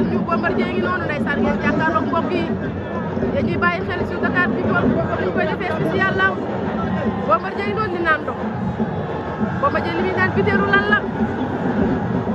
leen Diouf Bombardier ngi noonu ndeysaan ngeen jàkkaarloog mbokk yi yéen ñuy bàyyi xel sur Dakar bi tool comme ñu koy defee spécial la Bombardier ngi noonu di naan ndox Bombardier li muy naan biteelu lan la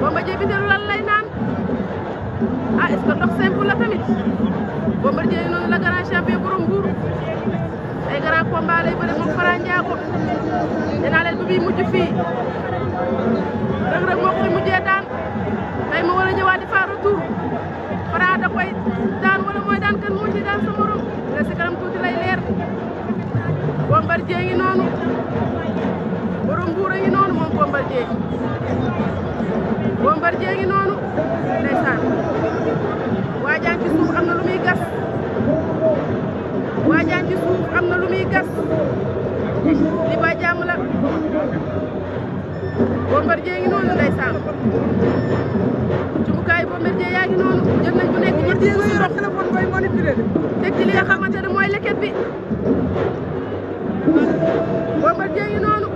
Bombardier biteelu lan lay naan ah est-ce que ndox simple la tamit Bombardier ngi noonu la grand champion borom Mbour ay grand combat lay bëri moom Fara Ndiago nee naa leen bu muy mujj fii rëg-rëg moo koy mujjee daan tey ma war a ñëwaat di faaru koy daan wala mooy daan kan moo ci daan sa morom te si kanam tuuti lay leer Bombardier ngi noonu borom mbuur a noonu moom Bombardier Bombardier ngi noonu ndeysaan waa jaan ci suuf am na lu muy gas waa jaan ci suuf am na lu muy gas li ba jàmm Bombardier ngi noonu ndeysaan cubukaay Bombardier yaa ngi noonu jël nañ ku nekk ñetti ku yor téléphone bay manipulé teg ci li nga xamante ne mooy leket bi Bombardier ngi noonu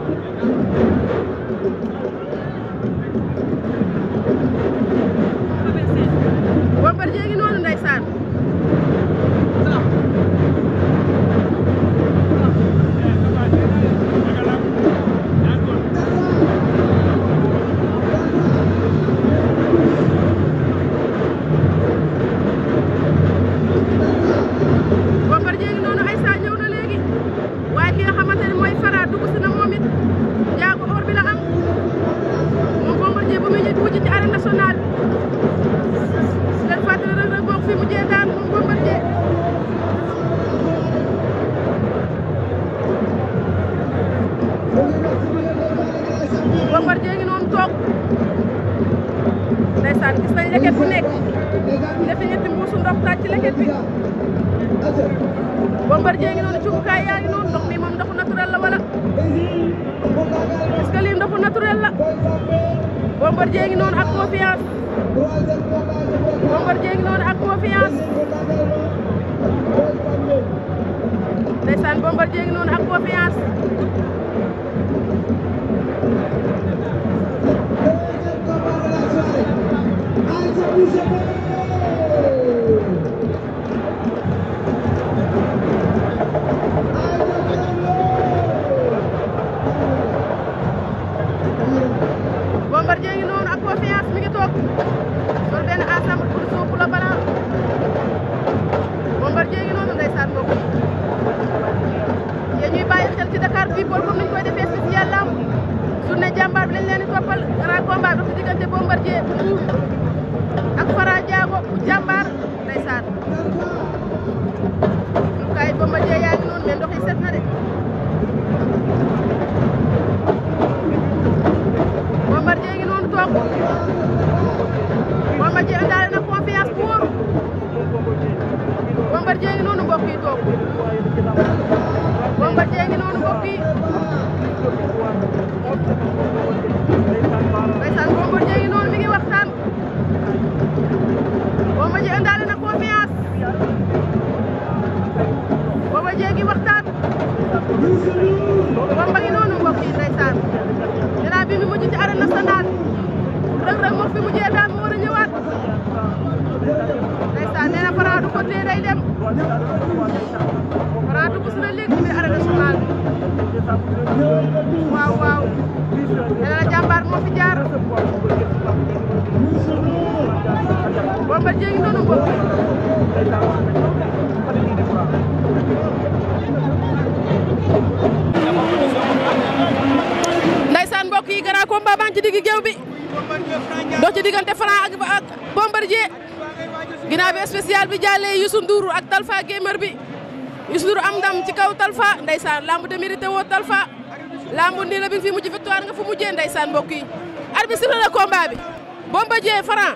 ci leket bi Bombardier ngi noonu cubukaay yaa ngi noonu ndox mi moom ndoxu naturel la wala est-ce que lii ndoxu naturel la Bombardier ngi noonu ak confiance Bombardier ngi noonu ak confiance ndeysaan Bombardier ngi noonu ak confiance Thank you. toog sol benn ensemble pour suuf pour la balaa Bombardier ngi noonu ndeysaan mbokk yi yéen ñuy bàyyi xel ci Dakar People comme ni ñu koy defee spécial lamb journée jàmbaar bi lañ leen di toppal grand combat bi ci diggante Bombardier ak Fara Diago bu jàmbaar ndeysaan kay Bombardier yaa ngi noonu mais ndox yi set na de Bombardier ngi noonu toog Bombardier ngi noonu mbokk ndaysaan mbokk baa ngi ci digg bi dox ci diggante Franc ak ak Bombardier ginnaaw bi spécial bi jàllee Youssou Ndour ak Talfa gamer bi Youssou Ndour am ndam ci kaw Talfa ndaysaan lamb de mérité woo Talfa lamb nii la bi nga fi mujj nga fu mujjee ndaysaan mbokk yi arbitre sifflé na combat bi Bombardier Franc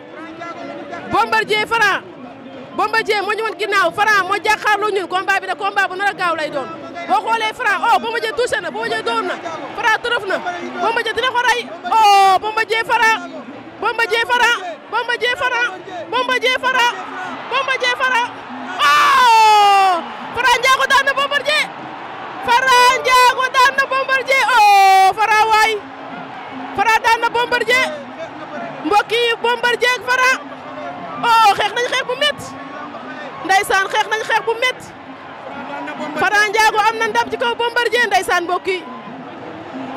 Bombardier Franc Bombardier moo ñu woon ginnaaw Franc moo jàkkaarloo ñun combat bi de combat bu nar a gaaw lay doon boo xoolee Franc oh Bombardier touché na Bombardier dóor na Franc tërëf na Bombardier dina ko rey oh Bombardier Franc Bombardier Franc Bombardier Franc Bombardier ndeysaan xeex nañ xeex bu métti Fara Ndiago am na ndam ci kaw Bombardier ndeysaan mbokk yi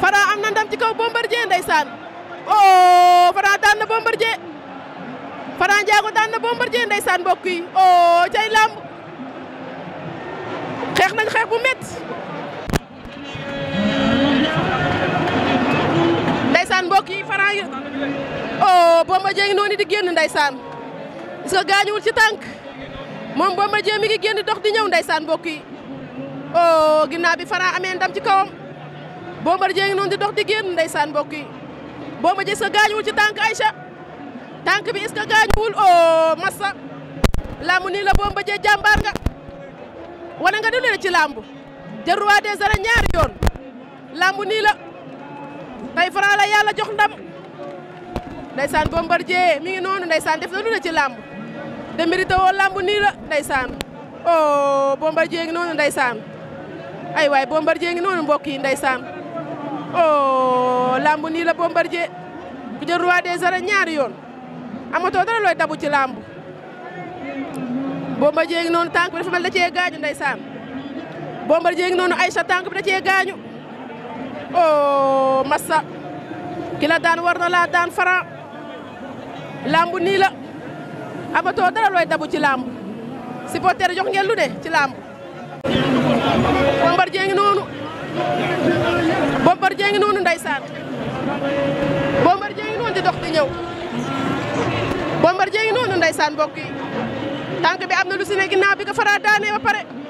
Fara na ndam ci kaw Bombardier ndeysaan oh Fara daan na Bombardier Fara Ndiago daan na Bombardier ndeysaan mbokk yi oh cay nañ xeex bu métti ndeysaan mbokk yi Fara oh Bombardier ngi noonu di génn ndeysaan gis nga gaañuwul ci tànk moom Bombardier mi ngi génn dox di ñëw ndeysaan mbokk yi oh ginnaaw bi Franc amee ndam ci kawam Bombardier ngi noonu di dox di génn ndeysaan mbokk yi Bombardier est-ce que gaañuwul ci tànk Aïcha tànk bi est-ce que gaañuwul oh massa làmb nii la Bombardier jàmbaar nga wane nga dundale ci làmb te roi des arènes ñaari yoon làmb nii la tey Franc la yàlla jox ndam ndeysaan Bombardier mi ngi noonu ndeysaan def na lu ne ci làmb démérité woo lamb nii la ndeysaan oh Bombardier ngi noonu ndeysaan ay waay Bombardier ngi noonu mbokk yi ndeysaan oh lamb nii la Bombardier bu ñaari yoon amatoo dara looy dabu ci lamb Bombardier ngi noonu tànk bi dafa mel da cee gaañu ndeysaan Bombardier ngi noonu Aïcha tànk bi da cee gaañu oh, Massa ki la daan war na laa daan Franc lamb nii la amatoo dara looy dabu ci làmb supporter jox ngeen lu ne ci làmb Bombardier ngi noonu Bombardier ngi noonu ndeysaan Bombardier ngi noonu di dox di ñëw Bombardier ngi noonu ndeysaan mbokk yi tànk bi am na lu si ne bi ko fara ba pare